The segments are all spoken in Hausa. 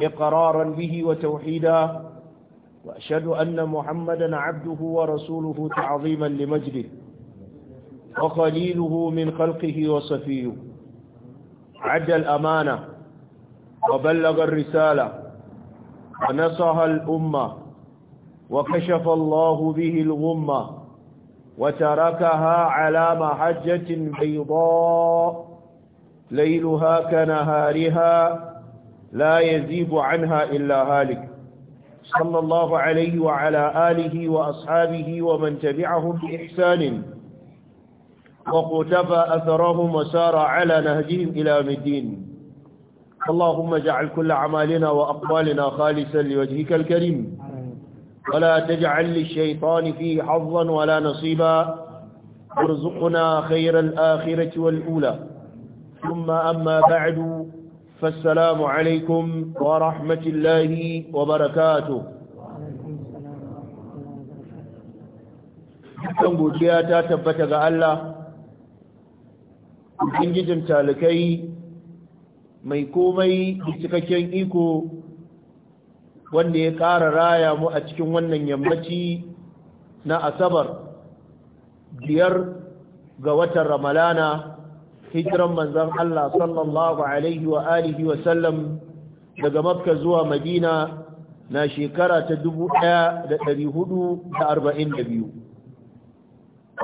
إقرارا به وتوحيدا وأشهد أن محمدا عبده ورسوله تعظيما لمجده وخليله من خلقه وصفيه عد الأمانة وبلغ الرسالة ونصح الأمة وكشف الله به الغمة وتركها على محجة بيضاء ليلها كنهارها لا يزيب عنها إلا هالك صلى الله عليه وعلى آله وأصحابه ومن تبعهم بإحسان وقتفى أثرهم وسار على نهجهم إلى مدين اللهم اجعل كل عمالنا وأقوالنا خالصا لوجهك الكريم ولا تجعل للشيطان فيه حظا ولا نصيبا ارزقنا خير الآخرة والأولى ثم أما بعد فالسلام عليكم ورحمة الله وبركاته kan godiya ta tabbata ga Allah ubangijin talikai mai komai da cikakken iko wanda ya ƙara raya mu a cikin wannan yammaci na asabar biyar ga watan ramalana hijiran manzon Allah sallallahu alaihi wa alihi wa sallam daga mafka zuwa madina na shekara ta 1442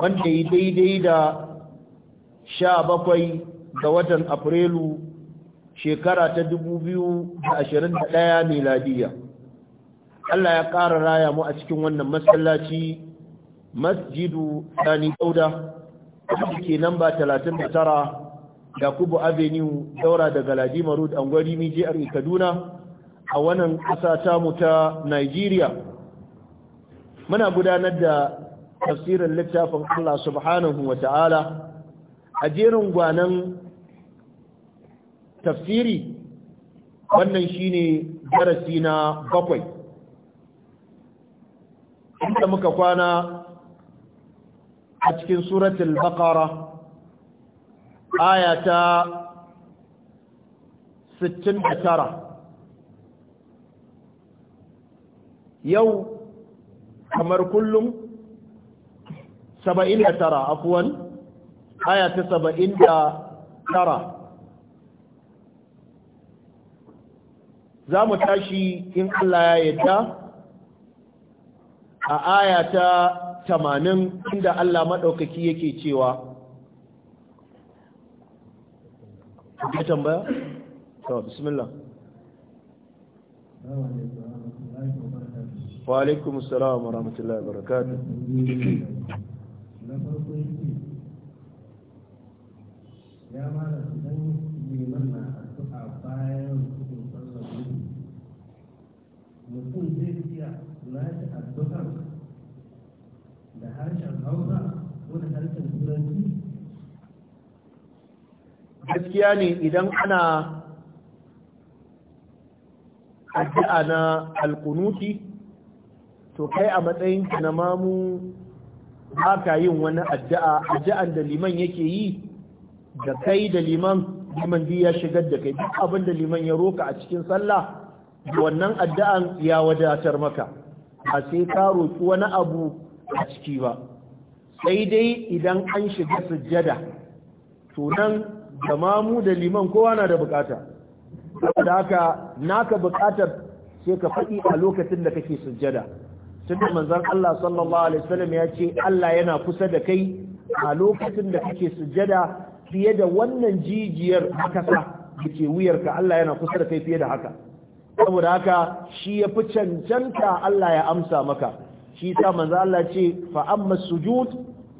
wanda yi daidai da 17 ga watan afrilu shekara ta 2021 miladiya Allah ya ƙara raya mu a cikin wannan masallaci masjidu sani dauda ke namba tara. yakubu avenue daura daga Ladima road gwari mi jihar kaduna a wannan ƙasa tamu ta nigeria muna gudanar da tafsirin littafin allah subhanahu wa ta'ala a jerin gwanan tafsiri wannan shine darasi na bakwai inda muka kwana a cikin suratul baqara aya ta 69 yau kamar kullum 79 afwan aya ta 79 za mu tashi in Allah ya yadda a aya ta 80 inda Allah maɗaukaki yake cewa ya tambaya? to bismillah wa alaikum salam wa rahmatullahi wa barakatuh gaskiya ne idan ana addu'a na alkunuti to kai a matsayin na mamu ba yin wani addu'a addu'an da liman yake yi da kai da liman liman ya shigar da kai duk abin da liman ya roka a cikin sallah wannan addu'an ya wadatar maka a sai ka roki wani abu a ciki ba sai dai idan an shiga sujjada to nan da da liman kowa na da bukata saboda haka naka bukatar sai ka faɗi a lokacin da kake sujjada tunda manzon Allah sallallahu alaihi wasallam ya ce Allah yana kusa da kai a lokacin da kake sujjada fiye da wannan jijiyar makasa da ke wuyarka Allah yana kusa da kai fiye da haka saboda haka shi ya fi cancanta Allah ya amsa maka shi sa manzo Allah ce fa amma sujud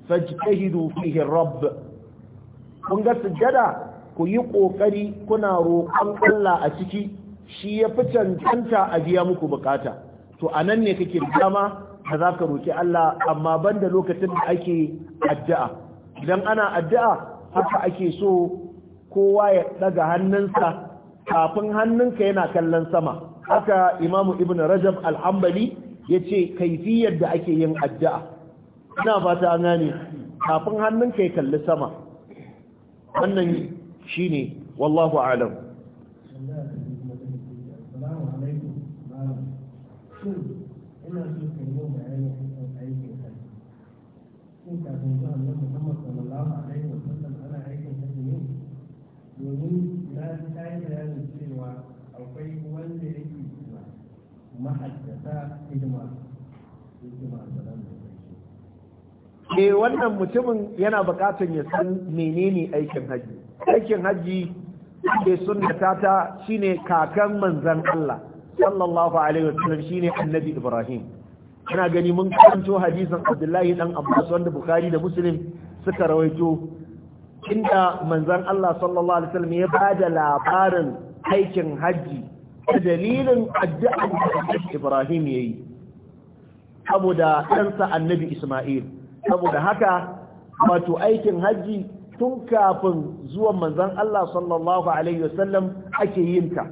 fajtahidu fihi rabb kun ga sujjada ku yi ƙoƙari kuna roƙon Allah a ciki shi ya fi cancanta a biya muku bukata to a nan ne kake dama da za ka roƙi Allah amma ban da lokacin da ake addu'a idan ana addu'a haka ake so kowa ya ɗaga hannunsa kafin hannunka yana kallon sama haka imamu ibn rajab al'ambali ya ce kaifiyar da ake yin addu'a ina fata an gane kafin hannunka ya kalli sama wannan shine wallahu a'lam eh wannan mutumin yana bukatar ya san menene aikin haji aikin haji ke sunnata tata shine kakan manzon Allah sallallahu alaihi wasallam shine annabi Ibrahim ina gani mun karanto hadisin Abdullahi dan Abbas wanda Bukhari da Muslim suka rawaito inda manzon Allah sallallahu alaihi wasallam ya bada labarin aikin haji da dalilin addu'ar Ibrahim yayi saboda ɗansa annabi Ismail saboda haka wato aikin hajji tun kafin zuwan Manzan Allah sallallahu alaihi wasallam ake yin ta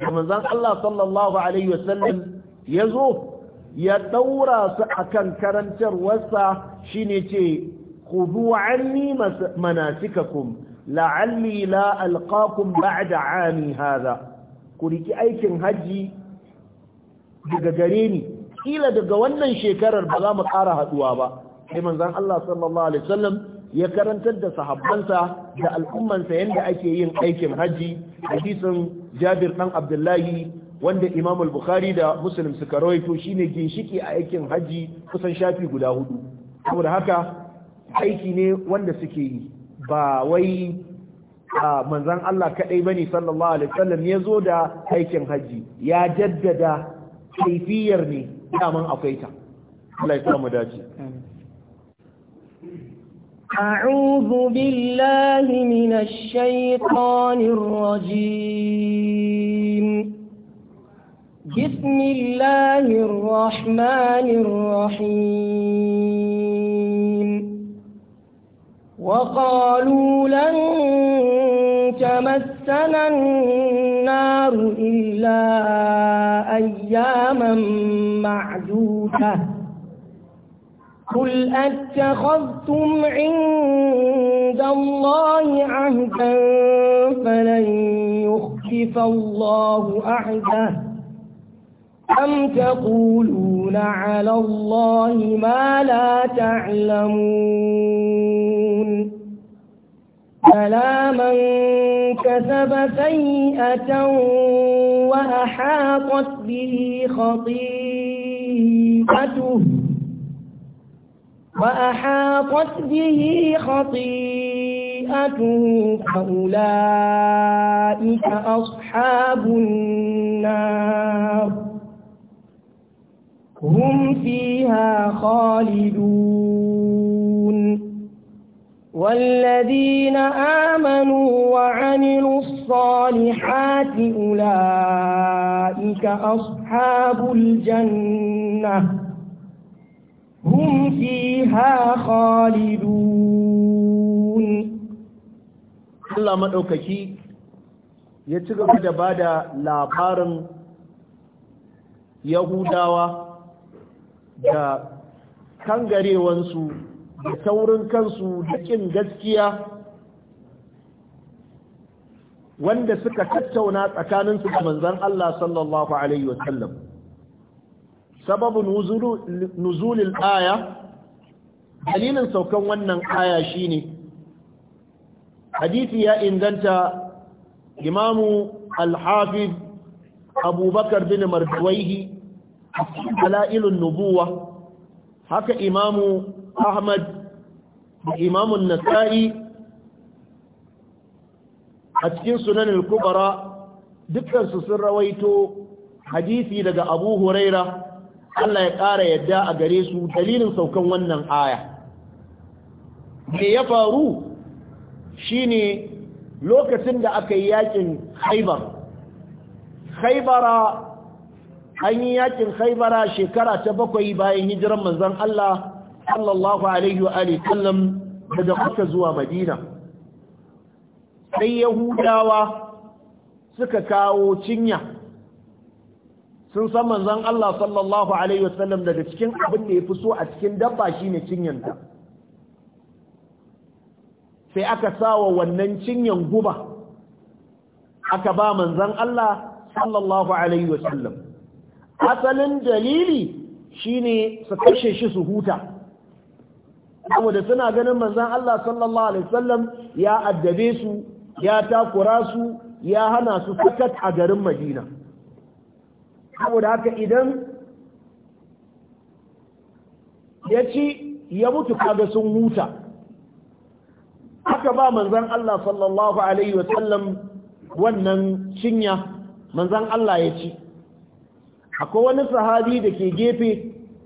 da manzon Allah sallallahu alaihi wasallam ya zo ya daura su akan karantarwarsa shine ce khudhu anni manasikakum la'alli la alqakum ba'da 'ami hadha ku riki aikin hajji daga gare ni kila daga wannan shekarar ba za mu ƙara haɗuwa ba sai manzon Allah sallallahu alaihi wasallam ya karantar da sahabbansa da al'ummansa yadda ake yin aikin hajji. hadisin Jabir ɗan Abdullahi wanda Imam al-Bukhari da Muslim suka rawaito shine ginshiki a aikin hajji kusan shafi guda hudu saboda haka aiki ne wanda suke yi ba wai a manzon Allah kaɗai bane sallallahu alaihi wasallam ya zo da aikin hajji. ya jaddada kaifiyar ne daman akwai ta Allah ya samu dace أعوذ بالله من الشيطان الرجيم بسم الله الرحمن الرحيم وقالوا لن تمسنا النار إلا أياما معدودة قل أتخذتم عند الله عهدا فلن يخفف الله عهده أم تقولون على الله ما لا تعلمون ألا من كسب سيئة وأحاطت به خطيئته وأحاطت به خطيئته فأولئك أصحاب النار هم فيها خالدون والذين آمنوا وعملوا الصالحات أولئك أصحاب الجنة هم فيها خالدون Allah maɗaukaki ya ci gaba da ba da labarin Yahudawa da kangarewansu da taurin kansu da ƙin gaskiya wanda suka tattauna tsakaninsu da manzan Allah sallallahu sababu nuzulil aya dalilin saukan wannan aya shine hadisi ya inganta imamu al-hafiz abubakar bin marduwaihi dalailun nubuwa haka imamu ahmad da imamun nasa'i a cikin sunan al-kubara dukkansu sun rawaito hadisi daga abu huraira Allah ya ƙara yadda a gare su dalilin saukan wannan aya me ya faru Shi ne lokacin da aka yi yakin haibar haibara an yi yakin haibara shekara ta bakwai bayan hijiran manzon Allah sallallahu alaihi wa sallam daga kuka zuwa madina sai yahudawa suka kawo cinya sun san manzon Allah sallallahu alaihi wasallam daga cikin abin da yafi so a cikin dabba shine cinyanta sai aka sawa wannan cinyan guba aka ba manzon Allah sallallahu alaihi wasallam asalin dalili shine su kashe shi su huta saboda suna ganin manzan Allah sallallahu Alaihi wasallam ya addabe su ya takura su ya hana su sakat a garin Madina saboda haka idan ya ci ya mutu kaga sun huta haka ba manzan Allah sallallahu alaihi wasallam wannan cinya manzan Allah ya ci akwai wani sahabi da ke gefe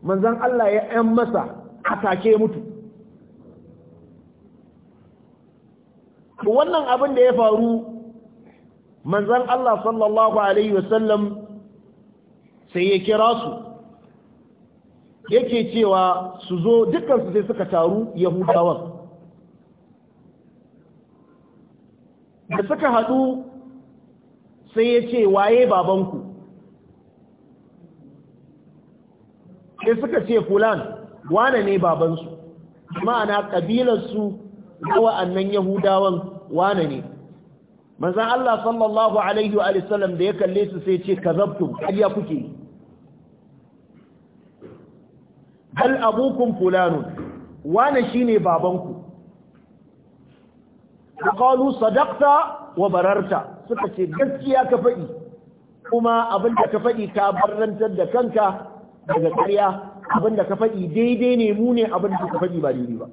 manzan Allah ya ‘yan masa a take mutu wannan abin da ya faru manzan Allah sallallahu alaihi wasallam sai ya kira su yake cewa su zo dukansu sai suka taru yahudawan da suka haɗu sai ya ce waye babanku sai suka ce fulan wane ne babansu ma'ana ƙabilarsu na wa'annan yahudawan wane ne manzan Allah sallallahu Alaihi wasallam da ya kalle su sai ce ka zabtum ƙarya kuke hal abukum fulanun wane shine babanku qalu sadaqta wa bararta suka ce gaskiya ka faɗi kuma abinda ka faɗi ta barantar da kanka daga ƙarya abinda ka faɗi daidai ne mu ne abinda ka faɗi ba daidai ba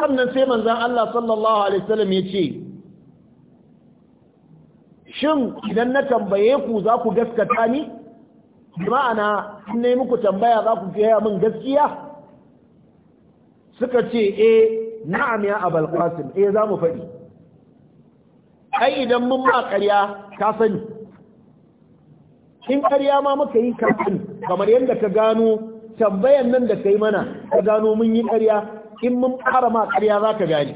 sannan sai manzan Allah sallallahu alaihi Salam ya ce shin idan na tambaye ku za ku gaskata ni bi ma'ana in ne muku tambaya za ku gaya min gaskiya suka ce eh na'am ya abal qasim eh za mu faɗi ai idan mun ba ƙarya ka sani in ƙarya ma muka yi ka kamar yadda ka gano tambayan nan da kai mana ka gano mun yi ƙarya in mun fara ma ƙarya za ka gane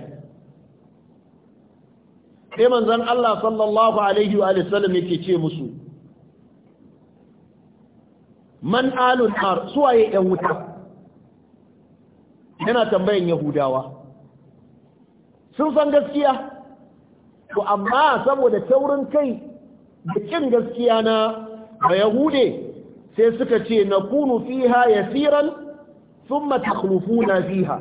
sai manzon Allah sallallahu alaihi wa sallam yake ce musu man alun nar suwaye yan wuta yana tambayan yahudawa sun san gaskiya to amma saboda taurin kai da kin gaskiya na ba yahude sai suka ce na kunu fiha yasiran thumma takhlufuna fiha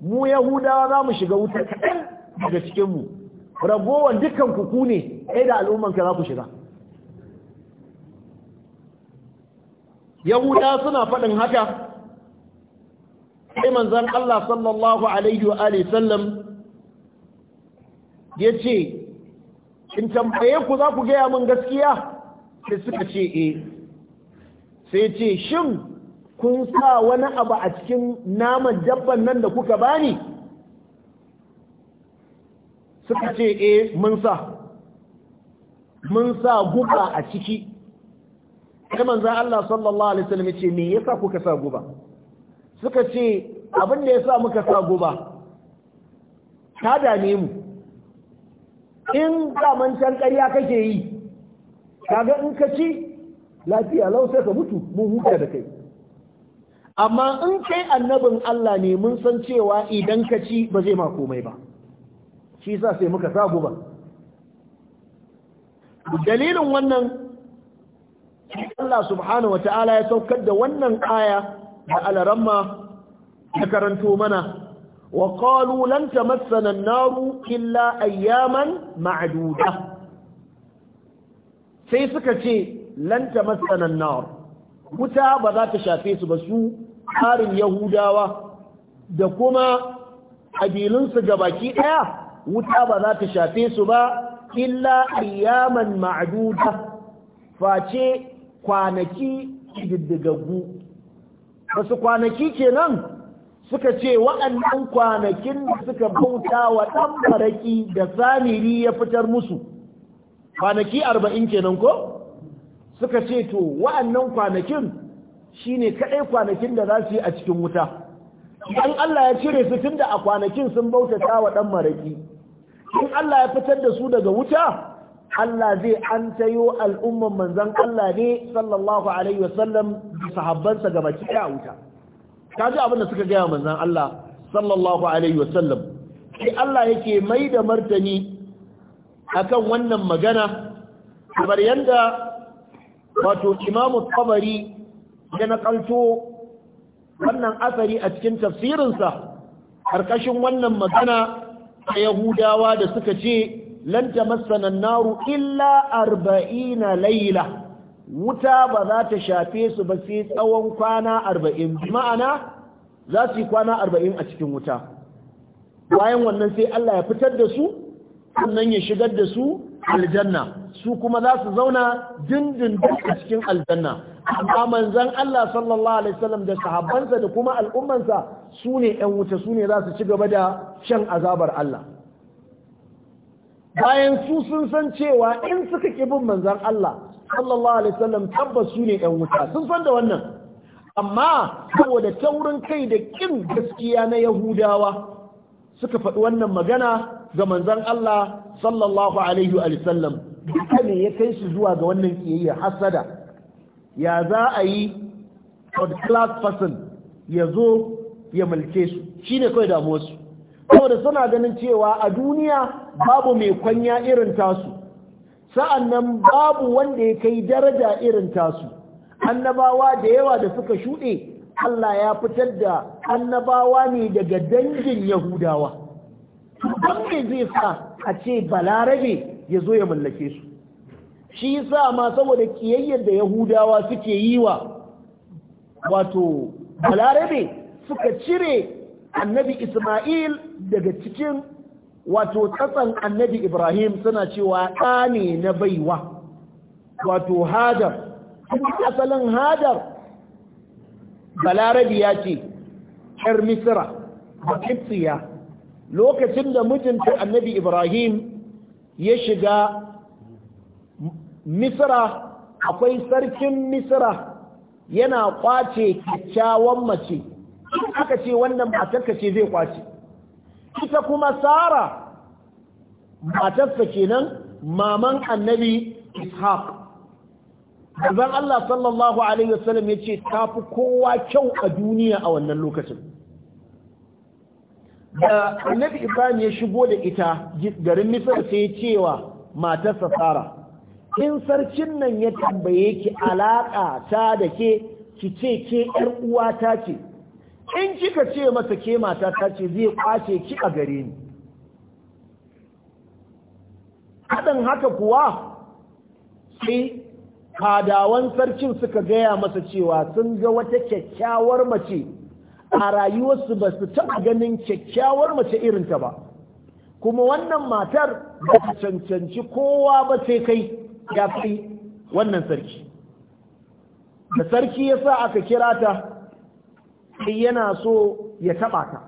mu yahudawa za mu shiga wuta cikin mu. cikinmu ragowar dukkan ku ne ɗaya da al'ummanka za ku shiga yahuda suna faɗin haka sai manzan Allah sallallahu alaihi wa sallam ya ce in tambaye ku za ku gaya min gaskiya sai suka ce e sai ce shin kun sa wani abu a cikin naman dabban nan da kuka bani suka ce e mun sa mun sa guba a ciki kai manzo Allah sallallahu alaihi wasallam ce me yasa kuka sa guba suka ce abin da yasa muka sa guba ta dame mu in daman can ƙarya kake yi kaga in ka ci lafiya lau sai ka mutu mun huta da kai amma in kai annabin Allah ne mun san cewa idan ka ci ba zai ma komai ba shi yasa sai muka sa guba dalilin wannan Allah subhanahu wa ta'ala ya saukar da wannan aya da alaramma ya karanto mana wa qalu lan tamassana an-naru illa ayyaman ma'duda sai suka ce lan tamassana an-nar wuta ba za ta shafe su ba su harin yahudawa da kuma kabilunsu gabaki daya wuta ba za ta shafe su ba illa ayyaman ma'duda face kwanaki diddigaggu wasu kwanaki kenan suka ce waɗannan kwanakin da suka bauta wa ɗan baraki da samiri ya fitar musu kwanaki arba'in kenan ko suka ce to waɗannan kwanakin shine kaɗai kwanakin da za su yi a cikin wuta idan Allah ya cire su tun da a kwanakin sun bautata wa ɗan maraƙi? in Allah ya fitar da su daga wuta Allah zai an tayo al'umman manzan Allah ne sallallahu alaihi wasallam da sahabbansa ga baki ɗaya wuta Ta ji abin da suka gaya manzan Allah sallallahu alaihi wasallam sai Allah yake mai da martani akan wannan magana kamar yadda wato imamu tabari ya nakalto wannan asari a cikin tafsirinsa ƙarƙashin wannan magana a yahudawa da suka ce lan tamassana an-naru illa 40 layla wuta ba za ta shafe su ba sai tsawon kwana 40 ma'ana za su yi kwana 40 a cikin wuta bayan wannan sai Allah ya fitar da su sannan ya shigar da su aljanna su kuma za su zauna dindindin a cikin aljanna amma manzon Allah sallallahu alaihi wasallam da sahabbansa da kuma al'ummansa su ne 'yan wuta su ne za su ci gaba da shan azabar Allah bayan su sun san cewa in suka ki bin manzon Allah sallallahu alaihi wasallam tabbas su ne ɗan wuta sun san da wannan amma saboda taurin kai da kin gaskiya na yahudawa suka faɗi wannan magana ga manzon Allah sallallahu alaihi wa sallam duka ne ya kai shi zuwa ga wannan kiyayya hasada ya za a yi third class person ya zo ya mulke su shine kawai damuwarsu saboda suna ganin cewa a duniya babu mai kwanya irin tasu sa'annan babu wanda ya kai daraja irin tasu annabawa da yawa da suka shuɗe Allah ya fitar da annabawa ne daga dangin yahudawa don me zai sa a ce balarabe ya zo ya mallake su shi yasa ma saboda kiyayyar da yahudawa suke yi wa wato balarabe suka cire annabi Ismail daga cikin wato tsatsan annabi Ibrahim suna cewa ɗa na baiwa wato hajar asalin hajar ya ce har misira da kipsiya lokacin da mutunta annabi Ibrahim ya shiga misira akwai sarkin misira yana kwace kyakkyawan mace in aka ce wannan matarka ce zai kwace ita kuma sara matarsa kenan maman annabi ishaq Zan Allah sallallahu alaihi wasallam yace tafi kowa kyau a duniya a wannan lokacin da annabi ibrahim ya shigo da ita garin misar sai ya cewa matarsa sara in sarkin nan ya tambaye ki alaƙa ta da ke ki ce ke yar uwata ce in kika ce masa ke mata ta ce zai kwace ki a gare ni haɗin haka kuwa sai fadawan sarkin suka gaya masa cewa sun ga wata kyakkyawar mace a rayuwarsu ba su taɓa ganin kyakkyawar mace irin ta ba kuma wannan matar ba ta cancanci kowa ba sai kai ya fi wannan sarki da sarki ya sa aka kira ta sai yana so ya taɓa ta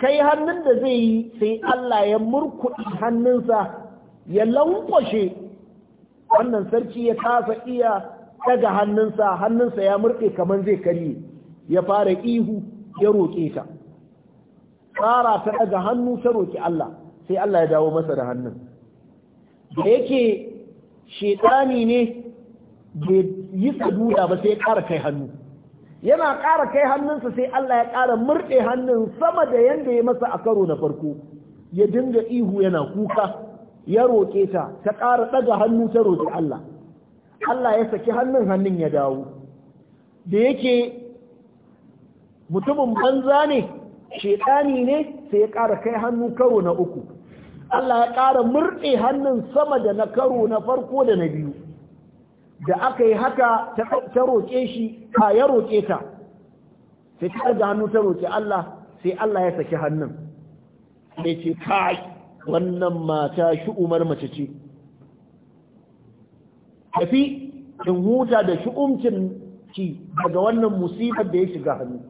kai hannun da zai yi sai Allah ya murkuɗi hannunsa ya lankwashe wannan sarki ya kasa iya daga hannunsa hannunsa ya murke kamar zai karye ya fara ihu ya roƙe ta tsara ta daga hannu ta roƙi Allah sai Allah ya dawo masa da hannun da yake shekani ne bai yi saduda ba sai ya ƙara kai hannu yana ƙara kai hannunsa sai Allah ya ƙara murɗe hannun sama da yanda ya masa a karo na farko ya dinga ihu yana kuka ya roƙe ta ta ƙara ɗaga hannu ta roƙi Allah Allah ya saki hannun hannun ya dawo da yake mutumin banza ne shekani ne sai ya ƙara kai hannu karo na uku Allah ya ƙara murɗe hannun sama da na karo na farko da na biyu da aka yi haka ta roƙe shi a ya roƙe ta sai ta hannu ta roƙe Allah sai Allah ya saki hannun sai ce kai wannan mata shi umar mace ce tafi in huta da umcin ki daga wannan musibar da ya shiga hannu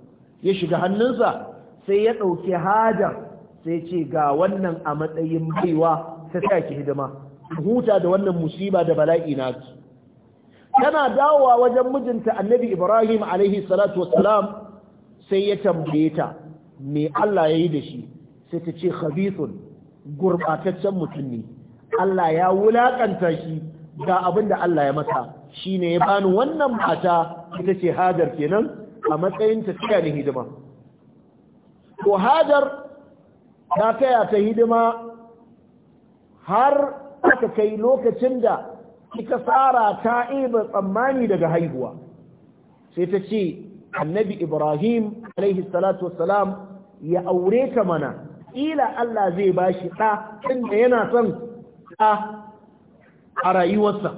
ya shiga hannunsa sai ya ɗauki hajar sai ce ga wannan a matsayin baiwa ta sa ki hidima huta da wannan musiba da bala'i na ki tana dawowa wajen mijinta annabi ibrahim alaihi salatu wassalam sai ya tambaye ta me Allah ya yi da shi sai ta ce khabithun gurbataccen mutum ne Allah ya wulakanta shi ga abin da Allah ya masa ne ya bani wannan mata ita ce hajar kenan a matsayin ta tsaya hidima ko hajar ta kaya ta hidima har aka kai lokacin da kika tsara ta iba tsammani daga haihuwa sai ta ce annabi ibrahim alaihi salatu wassalam ya aure ta mana ila Allah zai bashi ɗa inda yana son ɗa a rayuwarsa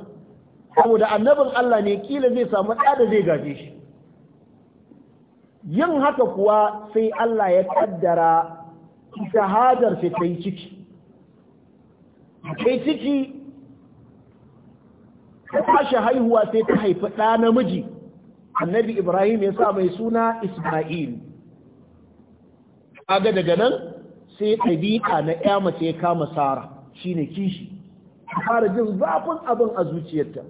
saboda annabin Allah ne kila zai samu ɗa da zai gaje shi yin haka kuwa sai Allah ya kaddara shahadar sai ta yi ciki kai ciki ta tashi haihuwa sai ta haifi ɗa namiji annabi ibrahim ya sa mai suna isma'il ga daga nan sai ɗabi'a na ya mace ya kama sara shine kishi fara jin zafin abin a zuciyarta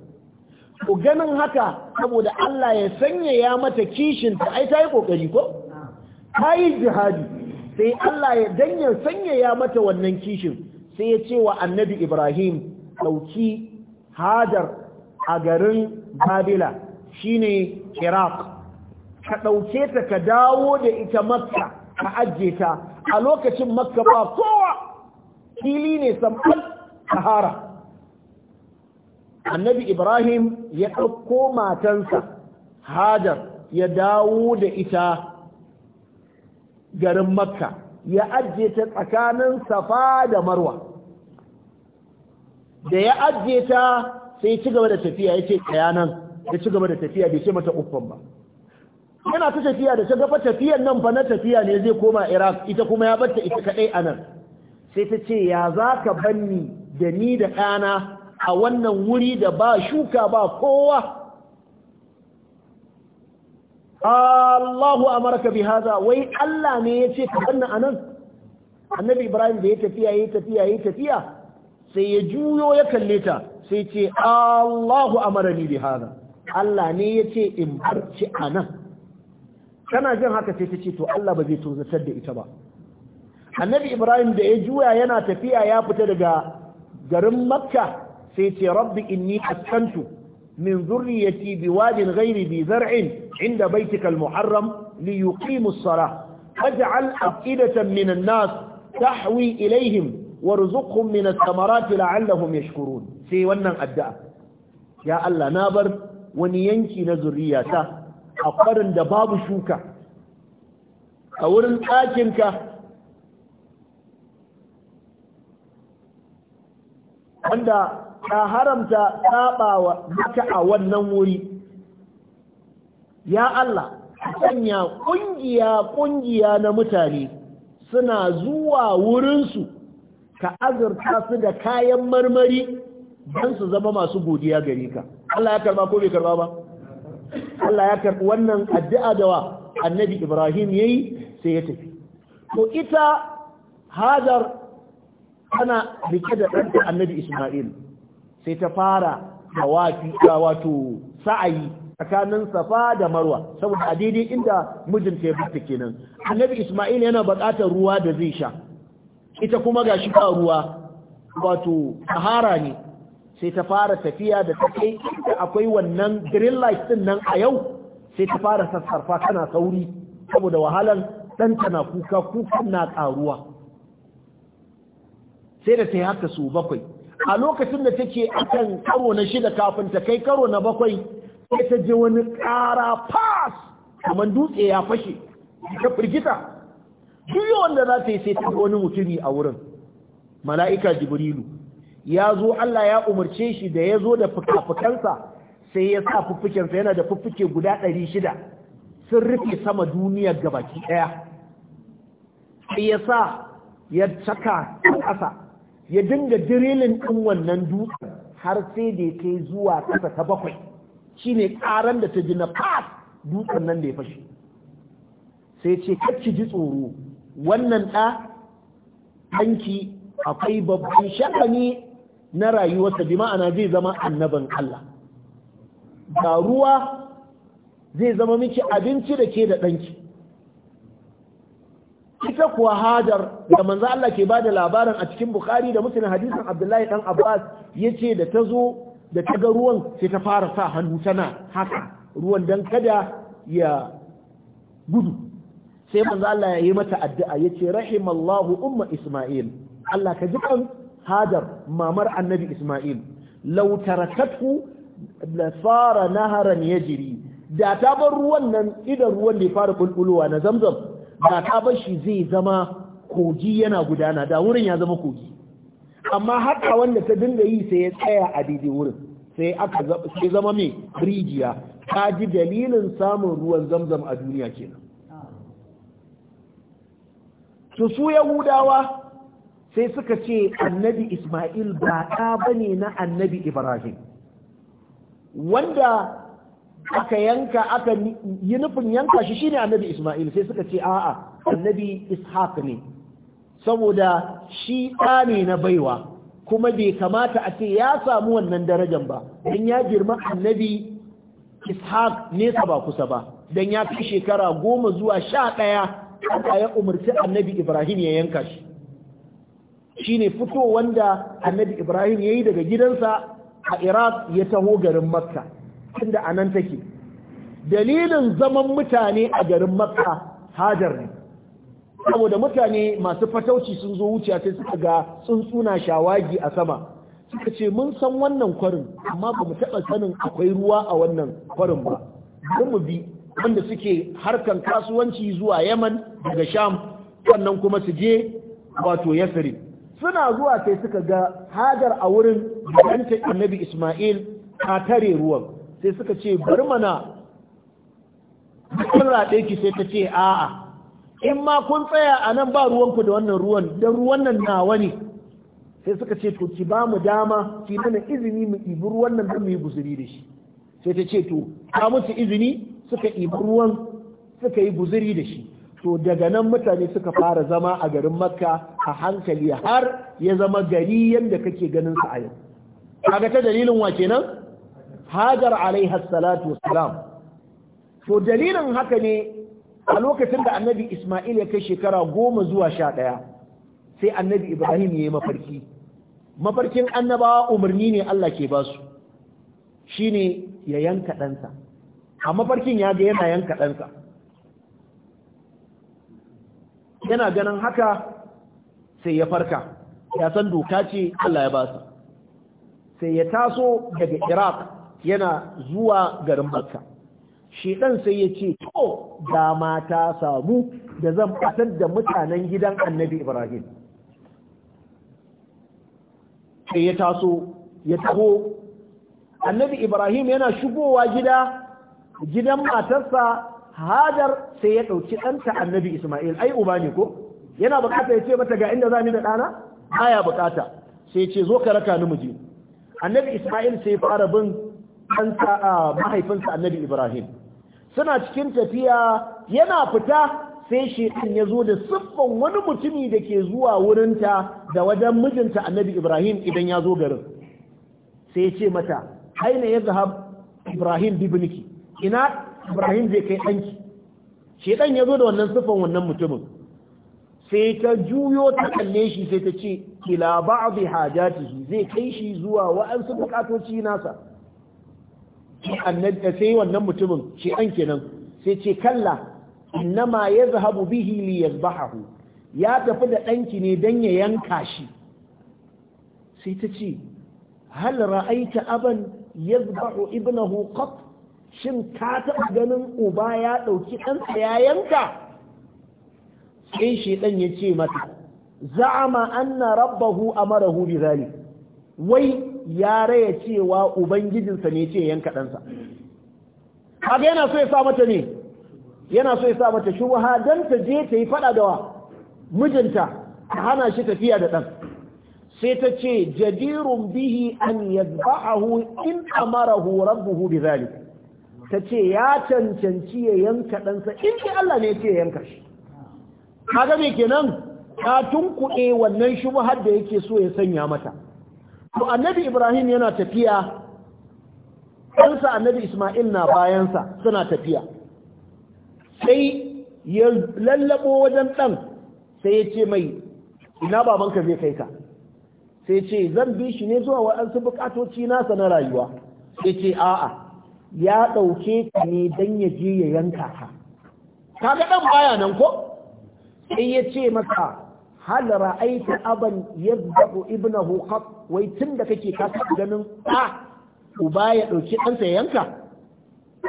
ko ganin haka saboda Allah ya sanya ya mata kishin ta ai ta yi kokari ko ta yi jihadi sai Allah ya danya sanya ya mata wannan kishin sai ya ce wa annabi ibrahim ɗauki hajar a garin babila shine iraq ka ɗauke ta ka dawo da ita makka ka ajiye ta a lokacin makka ba kowa fili ne samfal sahara annabi ibrahim ya ɗauko matansa hajar ya dawo da ita garin makka ya ajiye ta tsakanin safa da marwa da ya ajiye ta sai ya ci gaba da tafiya ya ce tsaya nan ya ci gaba da tafiya bai ce mata uffan ba yana ta tafiya da ta fa tafiyan nan fa na tafiya ne zai koma iraq ita kuma ya batta ita kadai a nan sai ta ce ya za ka banni da ni da ɗana a wannan wuri da ba shuka ba kowa Allahu amarka bi haza wai Allah ne ya ce ka banna a nan annabi Ibrahim da ya tafiya ya tafiya ya tafiya sai ya juyo ya kalle ta sai ce Allahu amarani bi hada Allah ne ya ce in barci anan tana jin haka sai ta ce to Allah ba zai tozatar da ita ba annabi Ibrahim da ya juya yana tafiya ya fita daga garin Makka sai ce rabbi inni askantu min zurriyati biwadin ghairi bi zar'in inda baitika al-muharram li yuqimu as-salah faj'al afidatan min an-nas tahwi ilayhim warzuqhum min ath-thamarati la'allahum yashkurun sai wannan addu'a ya Allah na bar wani yanki na zuriyata a kwarin da babu shuka a wurin ɗakinka wanda ta haramta sabawa maka a wannan wuri ya Allah sanya ƙungiya ƙungiya na mutane suna zuwa wurinsu ka azurta su da kayan marmari don su zama masu godiya gare ka Allah ya karba ko bai karba ba Allah ya karba wannan addu'a da wa annabi Ibrahim yayi sai ya tafi to ita Hajar tana rike da ɗanta annabi Ismail sai ta fara tawafi wato sa'ayi tsakanin safa da marwa saboda a daidai inda mijinta ya fita kenan annabi Ismail yana buƙatar ruwa da zai sha ita kuma ga shi ruwa wato sahara ne sai ta fara tafiya da ta kai da akwai wannan green light din nan a yau sai ta fara sassarfa tana sauri saboda wahalan ɗanta na kuka kukan na ƙaruwa sai da ta yi haka su bakwai a lokacin da take akan karo na shida kafin ta kai karo na bakwai sai ta je wani ƙara fas kamar dutse ya fashe ta firgita duk yawan da za ta yi sai ta wani mutumi a wurin mala'ika jibrilu ya zo Allah ya umarce shi da ya zo da fuka-fukansa sai ya sa fuffukensa yana da fuffuke guda ɗari shida sun rufe sama duniyar gabaki ɗaya sai ya sa ya caka ƙasa ya dinga dirilin ɗin wannan dutsen har sai da ya kai zuwa ƙasa ta bakwai shine ƙaran da ta ji na fas dutsen nan da ya fashe sai ce kacci ji tsoro wannan ɗa hanki akwai babban sha'ani na rayuwarsa bi ma'ana zai zama annaban Allah ga ruwa zai zama miki abinci da ke da ɗanki ita kuwa hajar da manzo Allah ke ba da labarin a cikin Bukhari da Muslim hadisin Abdullahi Ɗan Abbas ya ce da ta zo da ta ga ruwan sai ta fara sa hannu tana haka ruwan don kada ya gudu sai manzo Allah ya yi mata addu'a ya ce rahimallahu umma isma'il Allah ka ji kan hajar mamar annabi isma'il law tarakathu la fara naharan yajri da ta bar ruwan nan idan ruwan da ya fara bulbulwa na zamzam da ta bar shi zai zama kogi yana gudana da wurin ya zama kogi amma haka wanda ta dinga yi sai ya tsaya a daidai wurin sai aka zama mai rijiya ta ji dalilin samun ruwan zamzam a duniya kenan to su yahudawa sai suka ce annabi isma'il ba ɗa bane na annabi ibrahim wanda aka yanka aka yi nufin yanka shi shine annabi isma'il sai suka ce a'a annabi ishaq ne saboda shi ɗa ne na baiwa kuma bai kamata a ce ya samu wannan darajan ba don ya girma annabi ishaq nesa ba kusa ba don ya fi shekara goma zuwa sha ɗaya Allah ya umarci annabi Ibrahim ya yanka shi Shi ne fito wanda annabi Ibrahim ya yi daga gidansa a Iraq ya taho garin Makka tunda anan take dalilin zaman mutane a garin Makka hajar ne saboda mutane masu fatauci sun zo wuce sai suka ga tsuntsuna shawagi a sama suka ce mun san wannan kwarin amma ba mu taɓa sanin akwai ruwa a wannan kwarin ba don mu bi wanda suke harkan kasuwanci zuwa yaman daga sham wannan kuma su je wato yasrib suna zuwa sai suka ga hajar a wurin danta annabi isma'il ta tare ruwan sai suka ce bari mana kun raɗe ki sai ta ce a'a in ma kun tsaya a nan ba ruwanku da wannan ruwan don ruwan nan nawa ne sai suka ce to ki ba mu dama ki mana izini mu ibi ruwan nan don mu yi guzuri da shi sai ta ce to ka musu izini suka ɗibi ruwan suka yi guziri da shi to daga nan mutane suka fara zama a garin makka a hankali har ya zama gari yadda kake ganin sa a yau kaga ta dalilin wa kenan hajar alaiha salatu wassalam to dalilin haka ne a lokacin da annabi isma'il ya kai shekara goma zuwa sha ɗaya sai annabi ibrahim ya yi mafarki mafarkin annabawa umarni ne allah ke basu shine ya yanka ɗansa a mafarkin ya ga yana yanka ɗansa yana ganin haka sai ya farka ya san doka ce Allah ya basa. sai ya taso daga iraq yana zuwa garin makka ɗan sai ya ce to dama ta samu da zan fitar da mutanen gidan annabi ibrahim sai ya taso ya taho annabi ibrahim yana shigowa gida gidan matarsa hajar sai ya ɗauki ɗanta annabi isma'il ai uba ne ko yana bukata ya ce mata ga inda za ni da ɗana baya bukata sai ce zo ka raka ni mu annabi isma'il sai fara bin ɗansa a mahaifinsa annabi ibrahim suna cikin tafiya yana fita sai shekan ya zo da siffan wani mutumi da ke zuwa wurinta da wajen mijinta annabi ibrahim idan ya zo garin sai ya ce mata aina ya zahab ibrahim bibniki ina ibrahim zai kai ɗanki ɗan ya zo da wannan sufan wannan mutumin sai ta juyo ta kalle shi sai ta ce ila ba'dhi hajatihi zai kai shi zuwa wa'ansu bukatoci nasa annabi eh, sai wannan mutumin shedan kenan sai ce kalla innama yazhabu bihi li yazbahahu ya tafi da ɗanki ne dan ya yanka shi sai ta ce hal ra'aita aban yazbahu ibnahu qat shin ta taɓa ganin uba ya ɗauki ɗansa ya yanka sai ɗan ya ce mata za'ama anna rabbahu amarahu bi zali wai ya raya cewa ubangijinsa ne ce yanka ɗansa haka yana so ya sa mata ne yana so ya sa mata shubha dan ta je ta yi fada da wa mijinta ta hana shi tafiya da ɗan sai ta ce jadirun bihi an yadba'ahu in amarahu rabbuhu bi zali ta ce ya cancanci ya yanka ɗansa in Allah ne ce ya yanka shi kaga me kenan ka tunkuɗe wannan shubuhar da yake so ya sanya mata to annabi Ibrahim yana tafiya ɗansa annabi Ismail na bayansa suna tafiya sai ya lallabo wajen ɗan sai ya ce mai ina babanka zai kai ka sai ce zan bi shi ne zuwa waɗansu bukatoci nasa na rayuwa sai ce a'a ya ɗauke ka ne don ya je ya yanka ka Ka ga ɗan baya nan ko sai ya ce masa hal ra'aita aban yadda ibnahu qat wai tun da kake kasa ganin a uba ya ɗauki ɗansa ya yanka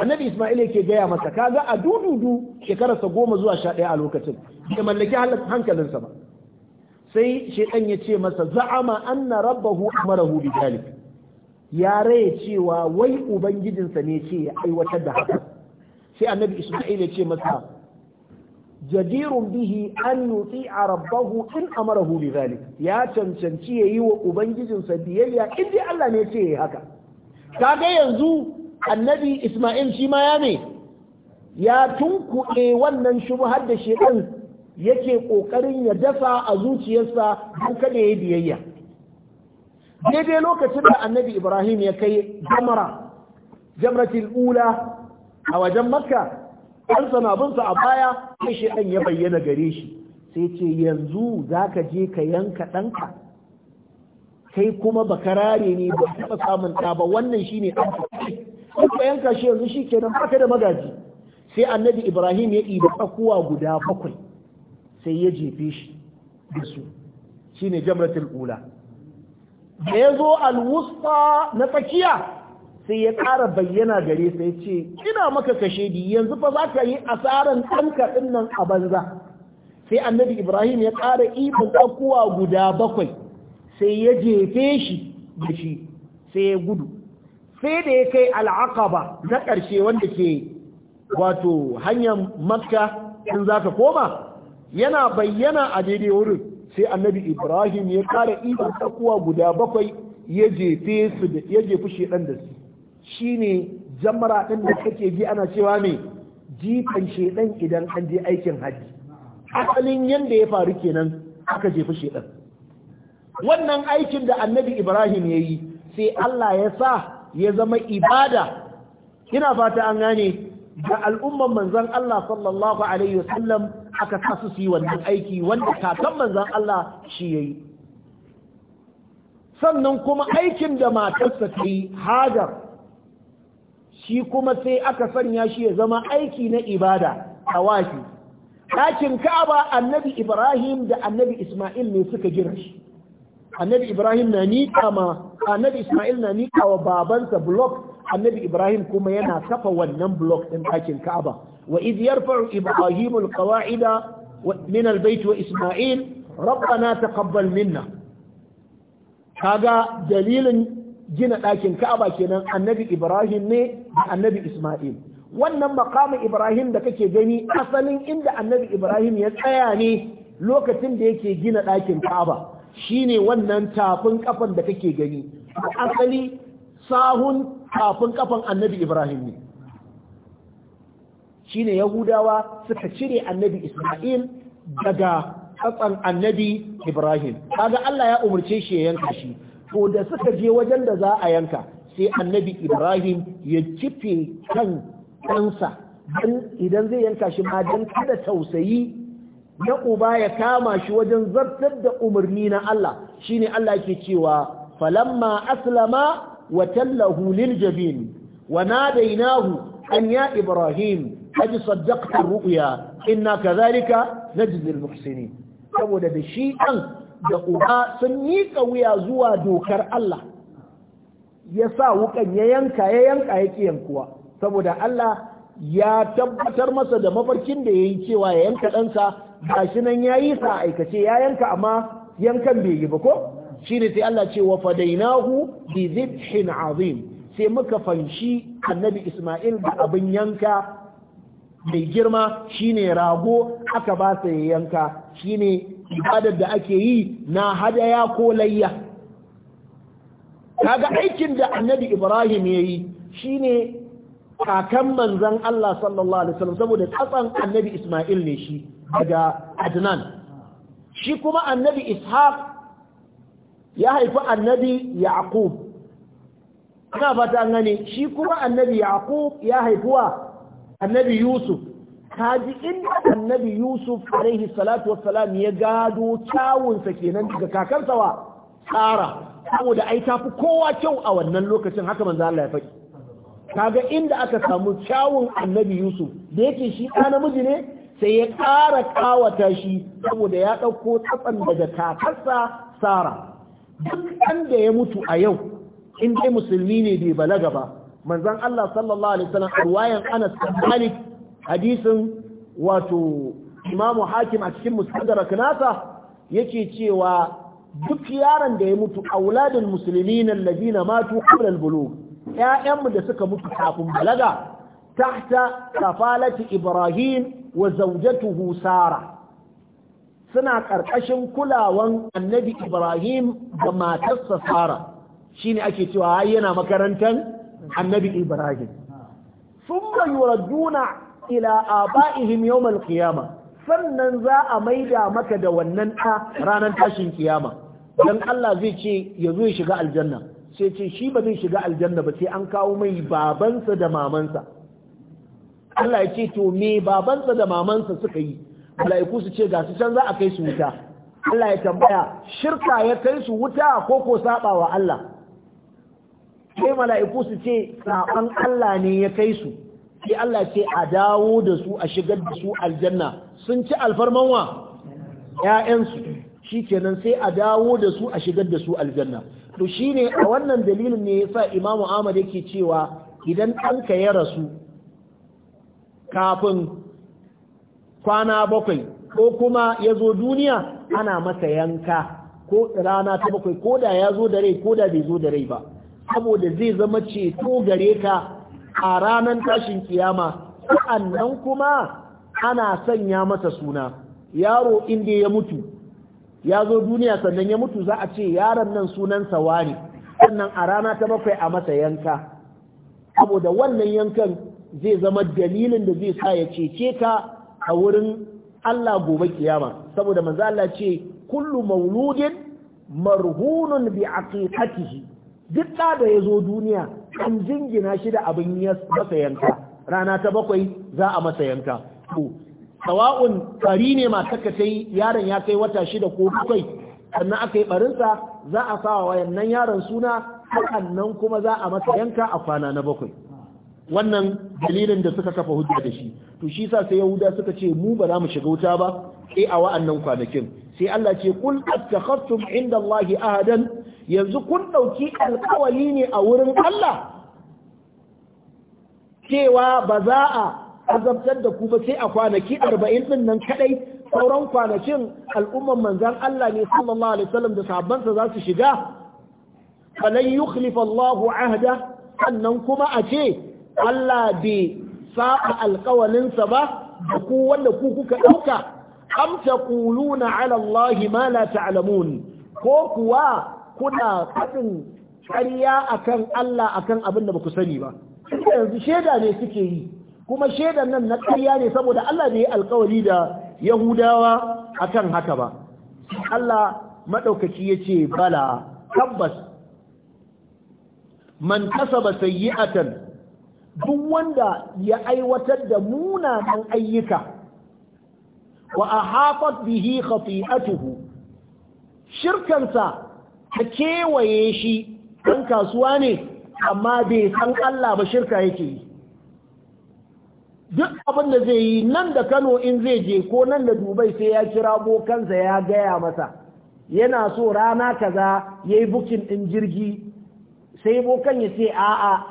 annabi isma'il yake gaya masa ka ga a dududu shekararsa goma zuwa sha ɗaya a lokacin Ya mallaki hankalinsa ba sai shekan ya ce masa za'ama anna rabbahu amarahu bi jalibi. ya raye cewa wai ubangijinsa ne ce ya aiwatar da haka sai annabi isma'il ya ce masa jadirun bihi an a rabbahu in amarahu bi zalik ya cancanci yayi wa ubangijinsa biyayya in dai Allah ne ce ya haka kaga yanzu annabi isma'il shi ma ya ne ya tunkuɗe wannan shubuhar da shekan yake ƙoƙarin ya dafa a zuciyarsa duka kada ya biyayya daidai lokacin da annabi ibrahim ya kai jamra jamratin ula a wajen makka an sanabinsa a baya sai shi ya bayyana gare shi sai ce yanzu za ka je ka yanka ɗanka kai kuma ba karare ne ba taɓa samun Wannan ba wannan shine an ka yanka shi yanzu shi kenan baka da magaji sai annabi ibrahim ya ɗiba tsakuwa guda bakwai sai ya jefe shi da su shine jamratin ula da ya zo alwusta na tsakiya sai ya ƙara bayyana gare sai ya ce ina maka kashe di yanzu fa za ka yi asarar ɗanka ɗin nan a banza sai annabi ibrahim ya ƙara ibin ɗakuwa guda bakwai sai ya jefe shi da shi sai ya gudu sai da ya kai al'aqaba na ƙarshe wanda ke wato hanyar makka in za ka koma yana bayyana a daidai wurin sai annabi ibrahim ya kara ikon tsakuwa guda bakwai ya jefe su da ya jefi shedan da su shine jamara din da kake ji ana cewa mai jifan shedan idan an je aikin haji asalin yanda ya faru kenan aka jefi shedan wannan aikin da annabi ibrahim ya yi sai allah ya sa ya zama ibada ina fata an gane ga al'umman manzon allah sallallahu alaihi wasallam aka sa su yi wannan aiki wanda kakan manzan Allah shi ya yi sannan kuma aikin da matarsa ta yi hajar shi kuma sai aka sanya shi ya zama aiki na ibada a wafi ɗakin ka'aba annabi ibrahim da annabi isma'il ne suka gina shi annabi ibrahim na niƙa ma annabi isma'il na niƙa wa babansa blok annabi ibrahim kuma yana kafa wannan blok ɗin ɗakin ka'aba وإذ يرفع إبراهيم القواعد من البيت وإسماعيل ربنا تقبل منا هذا دليل جنا لكن كعبة كنا النبي إبراهيم ne النبي إسماعيل wannan makamin Ibrahim da kake gani asalin inda annabi Ibrahim ya tsaya ne lokacin da yake gina ɗakin Ka'aba shine wannan tafin kafan da kake gani asali sahun tafin kafan annabi Ibrahim ne shine yahudawa suka cire annabi isma'il daga kasan annabi ibrahim kaga Allah ya umarce shi ya yanka shi to da suka je wajen da za a yanka sai annabi ibrahim ya cife kan ɗansa dan idan zai yanka shi ma dan kada tausayi na uba ya kama shi wajen zartar da umarni na Allah shine Allah ke cewa falamma aslama wa tallahu lil jabin wa nadainahu an ya ibrahim haji saddaqta ar-ru'ya inna kadhalika najzi al-muhsinin saboda da shi ɗan da uba sun yi wuya zuwa dokar Allah ya sa wukan ya yanka ya yanka ya ƙi yankuwa saboda Allah ya tabbatar masa da mafarkin da ya yi cewa ya yanka ɗansa ga shi nan ya yi sa aikace ya yanka amma yankan bai yi ba ko shi ne sai Allah ce wa fadainahu bi zibhin azim sai muka fanshi annabi Ismail da abin yanka mai girma shine rago aka ba sa yanka shine ibadar da ake yi na hadaya ko layya kaga aikin da annabi ibrahim ya yi shine kakan manzan Allah sallallahu alaihi wasallam saboda tsatsan annabi isma'il ne shi daga adnan shi kuma annabi ishaq ya haifi annabi yaqub ina fata an gane shi kuma annabi yaqub ya haifuwa annabi yusuf kaji inda annabi yusuf alaihi salatu wassalam ya gado kyawunsa kenan daga kakarsa wa tsara saboda ai tafi kowa kyau a wannan lokacin haka manzo Allah ya faɗi kaga inda aka samu kyawun annabi yusuf da yake shi ɗa namiji ne sai ya ƙara ƙawata shi saboda ya ɗauko tsatsan daga kakarsa tsara duk ɗan da ya mutu a yau in dai musulmi ne bai balaga ba manzon Allah sallallahu alaihi wasallam riwayan Anas bin Malik hadisin wato Imamu Hakim a cikin Mustadrak nasa yake cewa duk yaron da ya mutu auladul muslimin alladina matu qabla al 'ya'yanmu da suka mutu kafin balaga tahta kafalati Ibrahim wa zawjatuhu Sara suna ƙarƙashin kulawan annabi Ibrahim da matarsa Sara shine ake cewa yana makarantan. annabi ibrahim summa yuraduna ila aba'ihim yawm alqiyama sannan za a maida maka da wannan ɗa ranar tashin kiyama dan Allah zai ce ya ya shiga aljanna sai ce shi ba zai shiga aljanna ba sai an kawo mai babansa da mamansa Allah ya ce to me babansa da mamansa suka yi mala'iku su ce ga su can za a kai su wuta Allah ya tambaya shirka ya kai su wuta ko ko saba wa Allah sai mala'iku su ce saban Allah ne ya kai su sai Allah ce a dawo da su a shigar da su aljanna sun ci alfarman yayansu shi kenan sai a dawo da su a shigar da su aljanna to shine a wannan dalilin ne yasa Imam Ahmad yake cewa idan ɗanka ya rasu kafin kwana bakwai ko kuma ya zo duniya ana masa yanka ko rana ta bakwai ko da ya zo da rai ko da bai zo da rai ba saboda zai zama ceto gare ka a ranar tashin kiyama sa'annan kuma ana sanya masa suna yaro inda ya mutu ya zo duniya sannan ya mutu za a ce yaron nan sunansa sawari sannan a rana ta bakwai a masa yanka saboda wannan yankan zai zama dalilin da zai sa ya cece ka a wurin Allah gobe kiyama saboda manzo Allah ce kullu mauludin marhunun bi aqiqatihi duk ɗa da ya zo duniya an jingina shi da abin ya masa yanka rana ta bakwai za a masa yanka to sawa'un ne ma ta yi yaron ya kai wata shida ko bakwai sannan aka yi barinsa za a sa wa yannan yaron suna sannan kuma za a masa yanka a kwana na bakwai wannan dalilin da suka kafa hujja da shi to shi sa sai yahuda suka ce mu ba za mu shiga wuta ba sai a wa'annan kwanakin sai Allah ce kul attakhaftum inda Allah ahadan yanzu kun ɗauki alkawali ne a wurin Allah cewa ba za a azabtar da ku ba sai a kwanaki arba'in ɗin nan kaɗai sauran kwanakin al'umman manzan Allah ne sallallahu alaihi wasallam da sahabbansa za su shiga falan yukhlifa Allahu ahda sannan kuma a ce Allah bai saba alkawalinsa ba da ku wanda ku kuka ɗauka am taquluna ala Allah ma la ta'lamun ko kuwa kuna faɗin ƙarya akan Allah akan abin da ba ku sani ba yanzu shaida ne suke yi kuma shaidan nan na ƙarya ne saboda Allah ya yi alkawari da Yahudawa akan haka ba Allah ya yace bala tabbas man kasaba sayyi'atan duk wanda ya aiwatar da munanan ayyuka wa ahafat bihi khati'atuhu shirkansa ta kewaye shi ɗan kasuwa ne amma bai san Allah ba shirka yake yi duk abin da zai yi nan da kano in zai je ko nan da dubai sai ya kira bokansa ya gaya masa yana so rana kaza ya yi bukin ɗin jirgi sai bokan ya ce a'a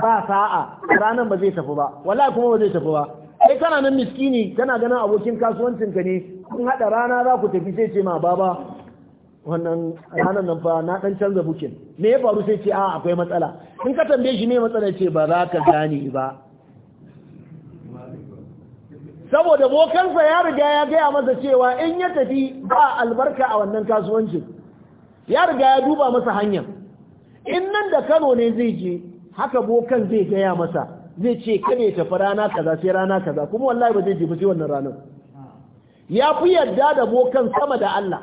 ba sa'a ranar ba zai tafi ba wala kuma ba zai tafi ba sai kana nan miskini kana ganin abokin kasuwancinka ne kun haɗa rana za ku tafi sai ce ma baba wannan ranar nan fa na dan canza bukin me ya faru sai ce a akwai matsala in ka tambaye shi me matsala ce ba za ka gane ba saboda bokansa ya riga ya gaya masa cewa in ya tafi ba albarka a wannan kasuwancin ya riga ya duba masa hanyar in nan da kano ne zai je haka bokan zai gaya masa zai ce kane ya tafi rana kaza sai rana kaza kuma wallahi ba zai je ba sai wannan ranar ya fi yarda da bokan sama da Allah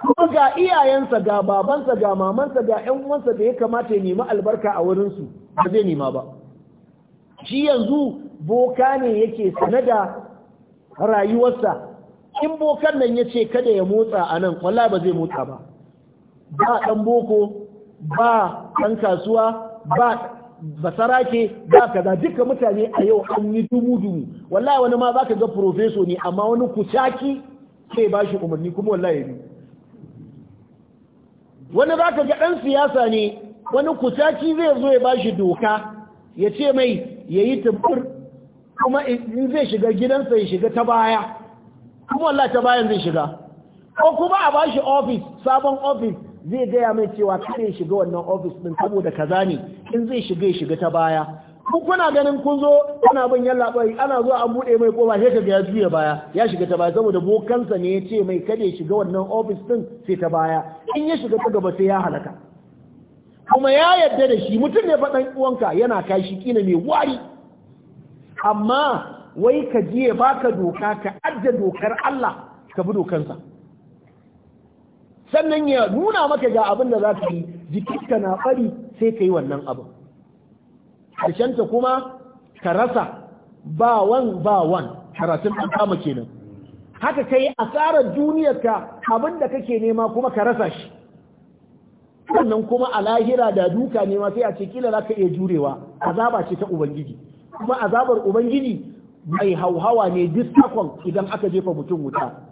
kuma ga iyayensa ga babansa ga mamansa ga ƴan uwansa da ya kamata ya nemi albarka a wurinsu ba zai nema ba shi yanzu boka ne yake sane da rayuwarsa in bokan nan ya ce kada ya motsa a nan kwalla ba zai motsa ba ba ɗan boko ba ɗan kasuwa ba basarake ba kaza duka mutane a yau an yi dumu-dumu wallahi wani ma za ka ga profeso ne amma wani kucaki sai ba shi umarni kuma wallahi ya wani za ka ga ɗan siyasa ne wani kutaki zai zo ya bashi doka ya ce mai ya yi tumbur kuma in zai shiga gidansa ya shiga ta baya kuma Allah ta bayan zai shiga ko kuma a bashi ofis sabon ofis zai gaya mai cewa kare shiga wannan ofis din saboda kaza ne in zai shiga ya shiga ta baya kun kuna ganin kun zo kuna bin yalla bai ana zuwa an bude mai kofa sai kaga ya juya baya ya shiga ta baya saboda bokansa ne ya ce mai kada ya shiga wannan office din sai ta baya in ya shiga ta gaba sai ya halaka kuma ya yadda da shi mutum ne faɗan uwanka yana kashi kina mai wari amma wai ka je baka doka ka adda dokar Allah ka bi dokansa sannan ya nuna maka ga abin da za ka yi jikinka na bari sai ka yi wannan abin ta kuma ka rasa ba wan ba wan karatun ɗan kama kenan haka ka yi asarar duniyarka abin da kake nema kuma ka rasa shi sannan kuma a lahira da duka nema sai a ce kila za ka iya jurewa azaba ce ta ubangiji kuma azabar ubangiji mai hauhawa ne duk idan aka jefa mutum wuta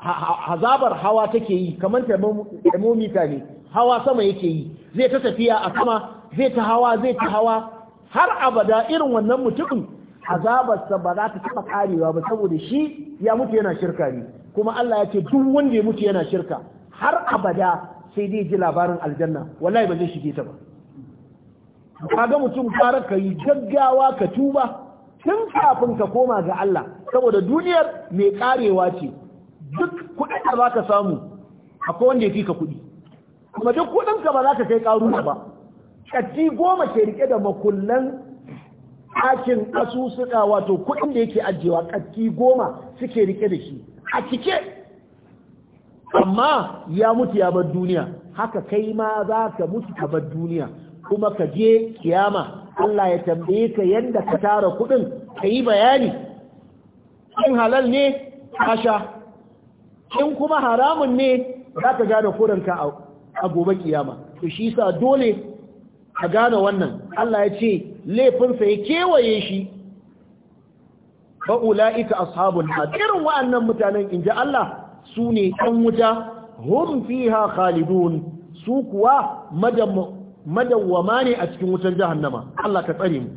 Azabar hawa take yi kamar termometer ne hawa sama yake yi zai ta tafiya a sama zai ta hawa zai ta hawa har abada irin wannan mutumin azabarsa ba za ta taɓa karewa ba saboda shi ya mutu yana shirka ne kuma Allah ya ce duk wanda ya mutu yana shirka har abada sai dai ji labarin aljanna wallahi ba zai shige ta ba kaga mutum fara ka yi gaggawa ka tuba tun kafin ka koma ga Allah saboda duniyar mai karewa ce duk kuɗin da za ka samu akwai wanda ya fi ka kuɗi kuma duk kuɗinka ba za ka kai ƙaruwa ba katti goma ke rike da makullan ɗakin asusuka wato kuɗin da yake ajiyewa kati goma suke rike da shi a cike amma ya mutu ya bar duniya haka kai ma za ka mutu ka bar duniya kuma ka je kiyama Allah ya tambaye ka yadda ka tara kuɗin ka yi bayani in halal ne kasha in kuma haramun ne za ka gane kurinka a gobe kiyama to shi sa dole Ka gane wannan Allah ya ce laifinsa ya kewaye shi ba ula'ika ashabun a irin wa'annan mutanen inji Allah su ne ɗan wuta hum fiha khalidun su kuwa madawwama ne a cikin wutan jahannama Allah ka tsare mu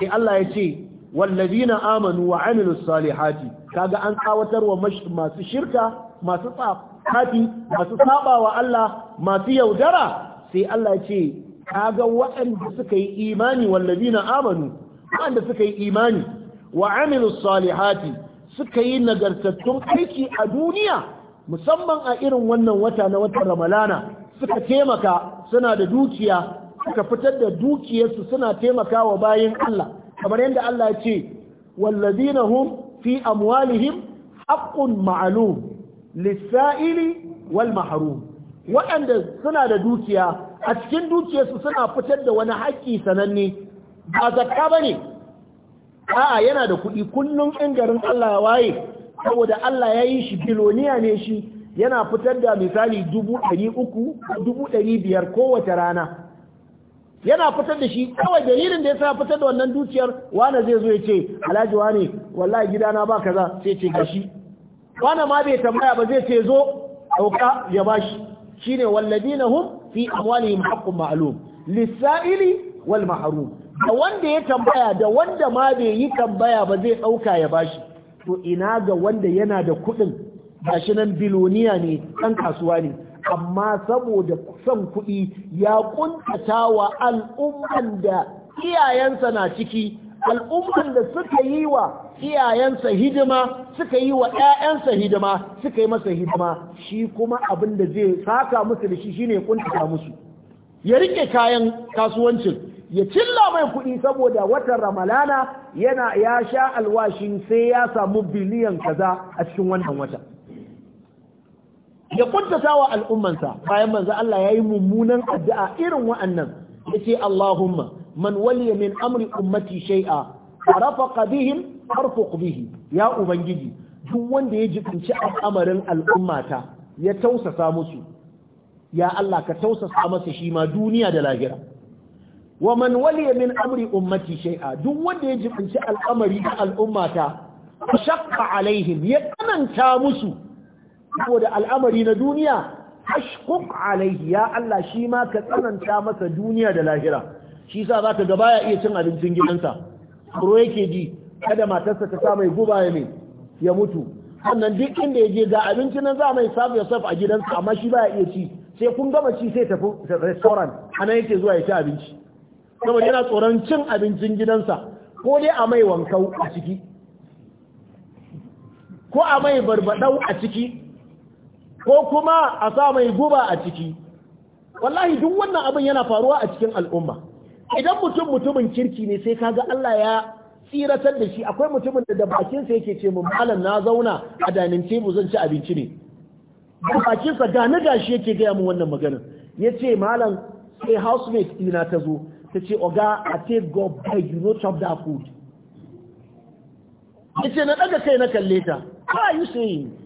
sai Allah ya ce wallazina amanu wa amilus salihati kaga an tsawatarwa masu shirka masu tsafi masu sabawa Allah masu yaudara sai Allah ya ce kaga waɗanda suka yi imani wallazina amanu waɗanda suka yi imani wa amilu salihati suka yi nagartattun aiki a duniya musamman a irin wannan wata na watan ramalana suka taimaka suna da dukiya suka fitar da dukiyarsu suna taimakawa bayan Allah kamar yadda Allah ya ce wallazina hum fi amwalihim haƙƙun ma'lum lis wal maharum, waɗanda suna da dukiya a cikin dukiyarsu suna fitar da wani haƙƙi sananne ba zakka ba ne a'a yana da kuɗi kullum in garin Allah waye saboda Allah ya yi shi biloniya ne shi yana fitar da misali dubu ɗari biyar kowace rana yana fitar da shi kawai dalilin da ya sa fitar da wannan dukiyar wane zai zo ya ce alhaji wane wallahi gidana ba kaza sai ce gashi wane ma bai tambaya ba zai ce zo dauka ya bashi shine walladina hum fi amwalihim haqqun ma'lum lis-sa'ili wal mahrum da wanda ya tambaya da wanda ma bai yi tambaya ba zai dauka ya bashi to ina ga wanda yana da kudin gashi nan biloniya ne kan kasuwa ne amma saboda son kuɗi ya kuntatawa al'umman da iyayensa na ciki al'umman da suka yi wa iyayensa hidima suka yi wa 'ya'yansa hidima suka yi masa hidima shi kuma abin da zai saka musu da shi shine kuntuka musu ya rike kayan kasuwancin ya cilla mai kuɗi saboda watan ramalana yana ya sha alwashin sai ya samu biliyan kaza a cikin wannan wata ya ƙuntata wa al'ummansa bayan manzo Allah ya yi mummunan addu'a irin wa'annan ya ce Allahumma man waliya min amri ummati shay'a rafaqa bihim arfuq bihi ya ubangiji duk wanda ya jibinci al'amarin al'ummata ya tausasa musu ya Allah ka tausasa masa shi ma duniya da lahira wa man waliya min amri ummati shay'a duk wanda ya jibinci al'amari da al'ummata shaqqa alaihim ya tsananta musu saboda al'amari na duniya ashquq alaihi ya Allah shi ma ka tsananta masa duniya da lahira shi sa za ka gaba ya iya cin abincin gidansa kuro yake ji kada matarsa ta sa mai guba ya ya mutu sannan duk inda ya je ga abincin nan za mai samu ya a gidansa amma shi baya iya ci sai kun gama ci sai tafi restaurant ana yake zuwa ya ci abinci saboda yana tsoron cin abincin gidansa ko dai a mai wankau a ciki ko a mai barbadau a ciki ko kuma a sa mai guba a ciki wallahi duk wannan abin yana faruwa a cikin al'umma idan mutum mutumin kirki ne sai kaga Allah ya tsiratar da shi akwai mutumin da bakinsa yake ce mun malam na zauna a danin tebu zan ci abinci ne da sa gani gashi yake gaya mu wannan maganin yace malam sai housemate dina ta zo ta ce oga a take go buy. you no chop that food ya na daga kai na kalle ta how you saying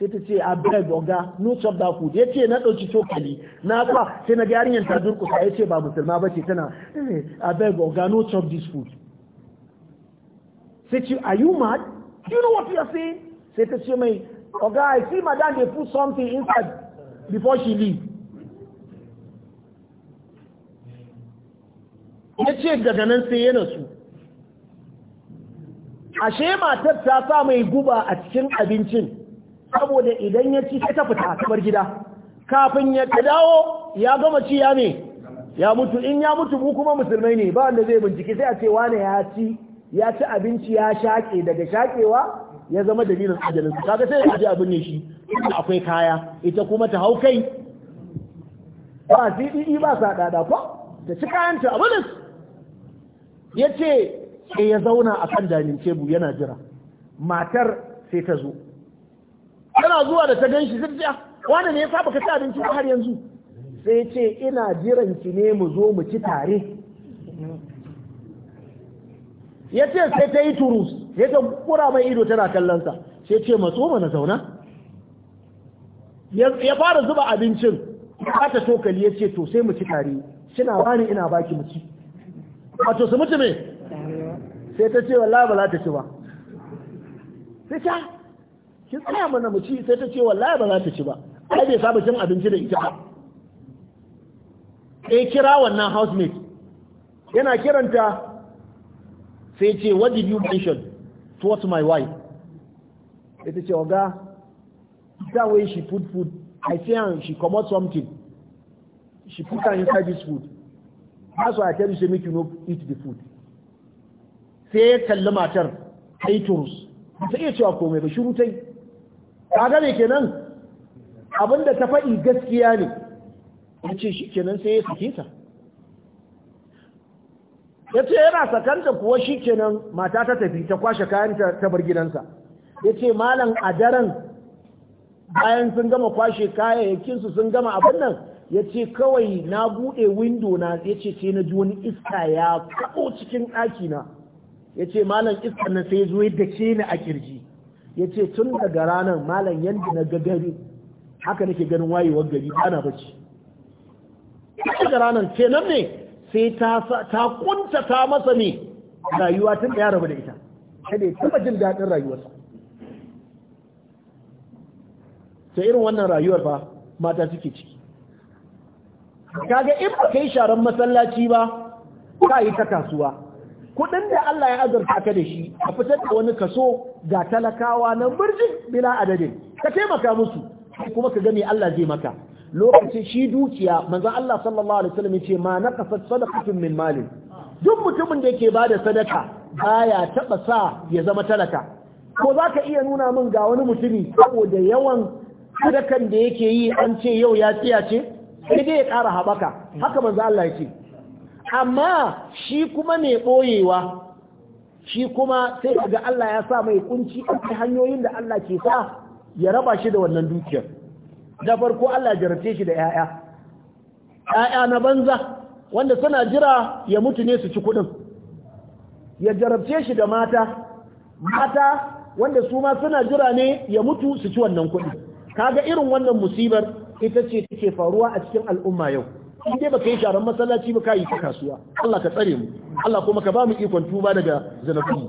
sai ta ce a ah, bai oga no chop that food ya ce na ɗauki cokali na kwa sai na yarinyar yanta durkusa ya ce ba musulma ba ce tana eh, a ah, bai oga no chop this food sai ce are you mad you know what you are saying sai ta ce mai oga I see madam dey put something inside before she leave ya ce daga nan sai yana su ashe matar ta sa mai guba a cikin abincin saboda idan ya ci sai ta fita kamar gida kafin ya dawo ya gama ci ya ne ya mutu in ya mutu mu kuma musulmai ne ba wanda zai bincike sai a ce wane ya ci ya ci abinci ya shaƙe daga shaƙewa ya zama dalilin ajalin su kaga sai aje abin ne shi akwai kaya ita kuma ta hau kai ba sidi e e, ba sa dada ko ta ci kayan ta abin yace sai ya zauna akan danin tebu yana jira matar sai ta zo tana zuwa da ta gan shi zai ce ah, wani ne ya saba ka ci abinci har yanzu sai ce ina jiran ki ne mu zo mu ci tare ya ce sai ta yi turus ya ta kura mai ido tana kallonsa sai ce matso mana zauna ya fara zuba abincin ya ta tokali ya ce to sai mu ci tare kina bani ina baki mu ci wato su mutu me sai ta ce wallahi ba za ta ci ba sai ta ah, ki tsaya mana mu ci sai ta ce wallahi ba za ta ci ba ai bai saba cin abinci da ita ba sai eh, kira wannan housemate yana kiranta sai ce what did you mention towards my wife ita ce oga ita wai she put food I say am ah, she comot something she put am inside this food that's why I tell you say make you no eat the food sai ya kalli matar ta yi turus ba ta iya cewa komai ba shiru ta yi kaga ne kenan abinda ta faɗi gaskiya ne ya ce shi kenan sai ya sake ta ya ce yana sakanta kuwa shi kenan mata ta tafi ta kwashe kayan ta bar gidansa ya ce malam a daren bayan sun gama kwashe kayayyakinsu sun gama abin nan ya ce kawai na buɗe windo na ya ce sai na ji wani iska ya kaɓo cikin ɗakina ya ce malam iska na sai zo yadda ce ni a kirji ya ce tun daga ranar malam yadda na gagari haka nake ganin wayewar gari ana bacci daga ranar kenan ne sai ta kunta ta masa ne rayuwa tun da ya rabu da ita kada ya taba jin daɗin rayuwarsa ta irin wannan rayuwar fa mata suke ciki kaga in ba kai sharan masallaci ba ka yi ta kasuwa kudin da Allah ya azurta ka da shi a fitar da wani kaso ga talakawa na birjin bila adadin ka taimaka musu kuma ka gani Allah zai maka lokacin shi dukiya manzon Allah sallallahu alaihi wasallam yace ma naqasat sadaqatun min malin duk mutumin da yake bada sadaka baya taba sa ya zama talaka ko zaka iya nuna min ga wani mutumi saboda yawan sadakan da yake yi an ce yau ya tsiya ce sai dai ya ƙara habaka haka manzon Allah yace amma shi kuma mai ɓoyewa shi kuma sai ga Allah ya sa mai kunci a hanyoyin da Allah ke sa ya raba shi da wannan dukiyar da farko Allah jarace shi da 'ya'ya ‘ya'ya na banza wanda suna jira ya mutu ne su ci kuɗin ya jarabce shi da mata mata wanda su ma suna jira ne ya mutu su ci wannan kuɗi kaga irin wannan musibar ita ce take faruwa a cikin al'umma yau in dai baka yi sharan masallaci ba ka ta kasuwa Allah ka tsare mu Allah kuma ka ba mu ikon tuba daga zanabi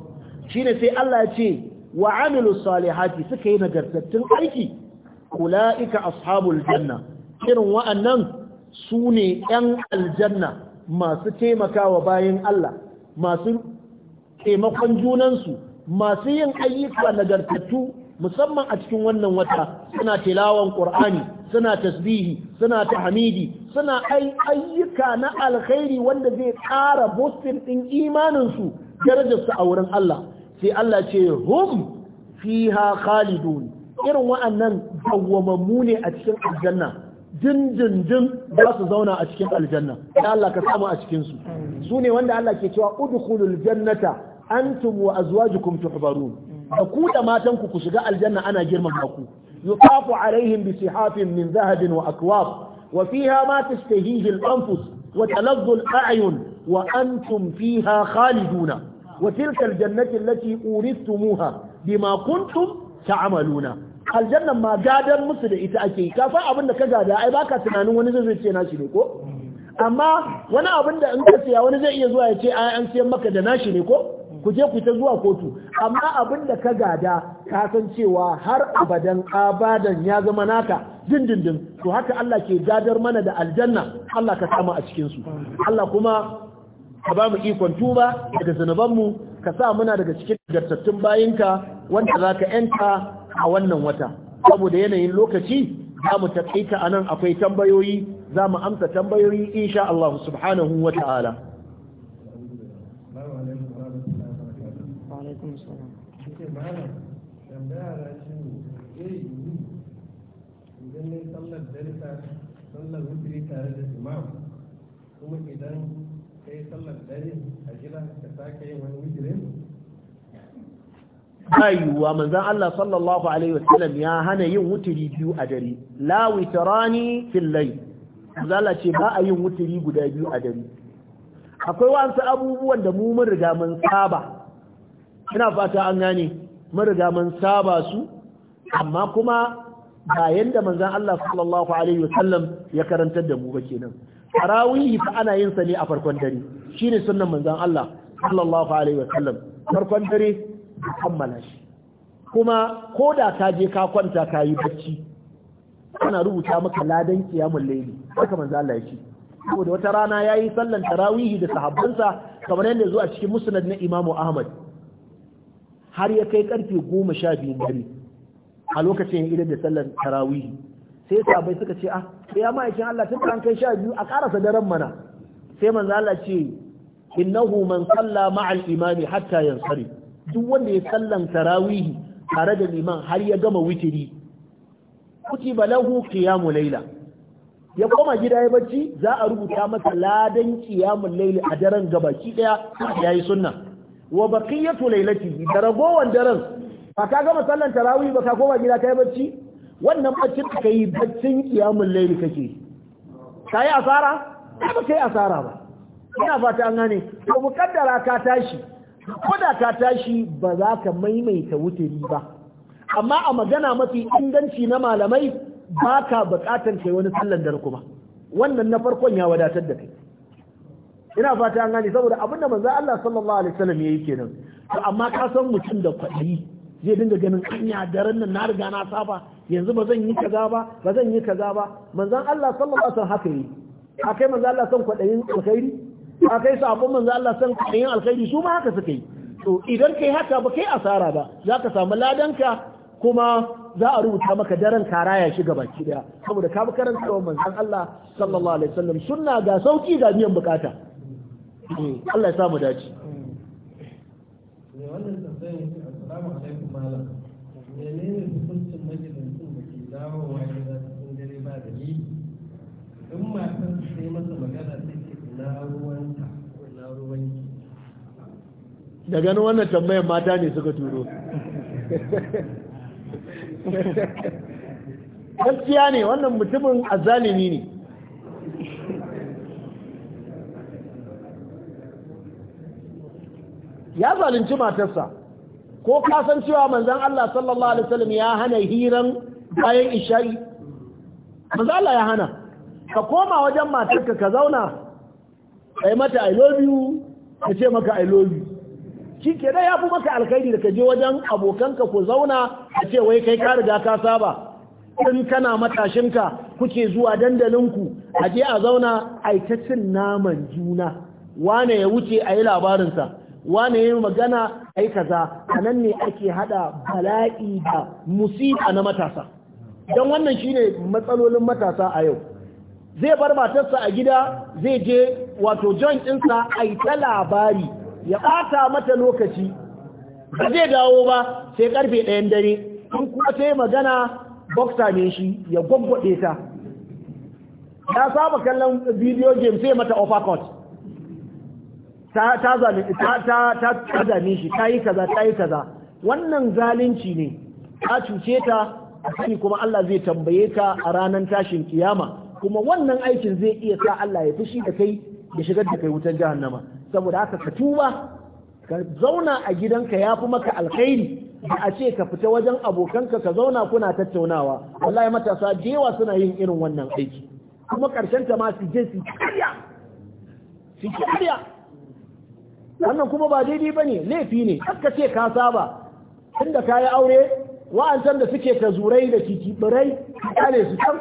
shine sai Allah ya ce wa amilus salihati suka yi nagartattun aiki ulaika ashabul janna irin wa'annan su ne yan aljanna masu taimakawa bayan Allah masu taimakon junansu masu yin ayyuka nagartattu musamman a cikin wannan wata suna tilawan qur'ani suna tasbihi suna tahmidi suna ayyuka na alkhairi wanda zai ƙara boosting ɗin imaninsu darajarsu a wurin Allah sai Allah ce hum fiha khalidun irin wa'annan dawwamammu ne a cikin aljanna jin za su zauna a cikin aljanna ya Allah ka samu a cikin su ne wanda Allah ke cewa udkhulul jannata antum wa azwajukum tuhbarun da ku da matan ku ku shiga aljanna ana girmama ku yuqafu alaihim bisihafin min zahabin wa akwab وفيها ما تشتهيه الأنفس وتلظ الأعين وأنتم فيها خالدون وتلك الجنة التي أورثتموها بما كنتم تعملون aljannan ma gadar musu da ita ake yi kafin abin da ka gada ai baka tunanin wani zai ce nashi ne ko amma wani abin da in ka siya wani zai iya zuwa ya ce ai an maka da na ne ko ku je ku ta zuwa kotu amma abin da ka gada ka san cewa har abadan abadan ya zama naka dindindin to haka Allah ke gadar mana da aljanna Allah ka samu a cikin su Allah kuma ka ba mu ikon tuba daga mu. ka sa muna daga cikin gartattun bayinka wanda za ka yanta a wannan wata saboda yanayin lokaci za mu taƙaita a nan akwai tambayoyi za mu amsa tambayoyi insha Allah subhanahu wa ta'ala kuma idan ka yi sallar dare a gida ka sake yin wani wijirin ba yiwuwa manzan Allah sallallahu Alaihi wasallam ya hana yin wuturi biyu a dare la witarani fillai zala ce ba a yin wuturi guda biyu a dare akwai wasu abubuwan da mu mun riga mun saba ina fata an gane mun riga mun saba su amma kuma ba yanda manzan Allah sallallahu Alaihi wasallam ya karantar da mu ba kenan tarawihi fa ana yin sa ne a farkon dare shine sunnan manzon Allah sallallahu alaihi wa sallam farkon dare kammala shi kuma ko da ka je ka kwanta ka yi bacci ana rubuta maka ladan kiyamul layli haka manzon Allah ya saboda wata rana yayi sallan tarawihi da sahabbansa kamar yadda zuwa cikin musnad na Imam Ahmad har ya kai karfe biyu dare a lokacin idan da sallan tarawihi sai sahabbai suka ce ah ya ma'aikin Allah tun an kai sha biyu a karasa daren mana sai manzo Allah ce innahu man salla ma'al imami hatta yansari duk wanda ya sallan tarawih tare da liman har ya gama witiri kutiba lahu qiyamu layla ya koma gida ya bacci za a rubuta masa ladan qiyamu layli a daren gaba, ki daya yayi sunna wa baqiyatu laylati da ragowan daren ba ka gama sallan tarawih ba ka koma gida kai bacci wannan bacci da kai baccin kiyamun laili kake kai asara ba kai asara ba ina fata an gane to mukaddara ka tashi ko da ka tashi ba za ka maimaita wuturi ba amma a magana mafi inganci na malamai ba ka bukatar kai wani sallan dare kuma wannan na farkon ya wadatar da kai ina fata an gane saboda abinda manzo Allah sallallahu alaihi wasallam yayi kenan to amma ka san mutum da kwaɗayi zai dinga ganin anya daren nan na riga na saba yanzu ba zan yi kaza ba ba zan yi kaza ba manzon Allah sallallahu alaihi wasallam haka yi akai manzon Allah san kwadayin alkhairi akai sabon manzon Allah san kwadayin alkhairi su ma haka suke yi to idan kai haka ba kai asara ba zaka samu ladanka kuma za a rubuta maka daren kara ya shiga baki daya saboda ka bi karantawa manzon Allah sallallahu alaihi wasallam sunna ga sauki ga biyan bukata eh, Allah ya samu dace eh, wannan hukuncin majalisun da ke ganin wannan tambayar mata ne suka turo gaskiya ne wannan mutumin azalimi ne ya zalunci matarsa ko ka san cewa manzon Allah sallallahu alaihi wasallam ya hana hiran bayan isha'i manzon Allah ya hana ka koma wajen matarka ka zauna kai mata i love you ka ce maka i love you shi ke ya fi maka alkhairi da ka je wajen abokanka ku zauna a ce wai kai ka riga ka saba in kana matashinka kuke zuwa dandalinku a je a zauna a naman juna wane ya wuce a yi labarinsa wane yi magana ai kaza a nan ne ake hada bala'i da musiba na matasa don wannan shine matsalolin matasa a yau zai bar matarsa a gida zai je wato john ɗinsa a yi ta labari ya ɓata mata lokaci ba zai dawo ba sai karfe ɗayan dare in kuma ta magana boxer ne shi ya gwaggwaɗe ta ya saba kallon video game sai mata overcourt ta ta ta ta zame shi ta yi kaza ta yi kaza wannan zalunci ne Ta cuce ta kuma Allah zai tambaye ka a ranar tashin kiyama kuma wannan aikin zai iya sa Allah ya fushi da kai ya shigar da kai wutar jahannama saboda haka ka tuba ka zauna a gidanka ya fi maka alkhairi da a ce ka fita wajen abokanka ka zauna kuna tattaunawa wallahi matasa jewa suna yin irin wannan aiki kuma karshen ta ma su je su kariya su karya wannan kuma ba daidai ba ne laifi ne ka ce ka saba tunda ka yi aure wa'ancan da suke ka zurai da kikibirai kyale su can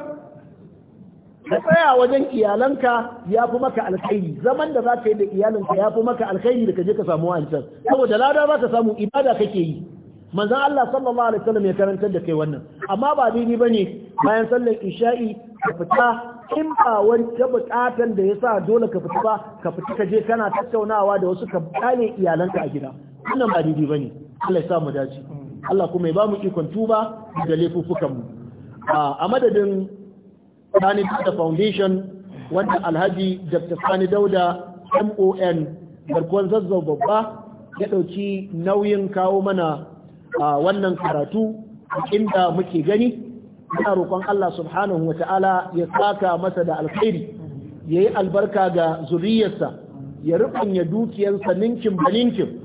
ka tsaya wajen iyalanka ya fi maka alkhairi zaman da za ka yi da iyalanka ya fi maka alkhairi da ka je ka samu wa'ancan saboda lada za ka samu ibada kake yi manzon Allah sallallahu alaihi wasallam ya karantar da kai wannan amma ba daidai ne bayan sallar isha'i ka fita in ba ta bukatan da ya sa dole ka fita ba ka fita ka je kana tattaunawa da wasu ka kale iyalanka a gida wannan ba daidai bane Allah ya sa mu dace Allah kuma ya ba mu ikon tuba da laifuffukan mu a madadin Sani Dauda Foundation wanda Alhaji Dr. Sani Dauda MON garkuwan zazzau babba ya ɗauki nauyin kawo mana wannan karatu inda muke gani Ana roƙon Allah subhanahu wa ta'ala ya saka masa da alkhairi ya yi albarka ga zuriyarsa ya rubanya dukiyarsa ninkin ba ninkin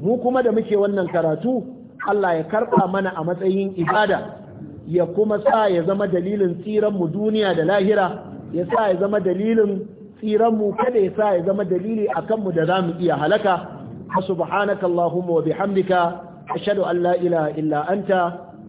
mu kuma da muke wannan karatu Allah ya karɓa mana a matsayin ibada ya kuma sa ya zama dalilin mu duniya da lahira ya sa ya zama dalilin mu kada ya sa ya zama dalili a kanmu da za mu iya halaka subhanakallahumma wa bihamdika ashhadu an la ilaha illa anta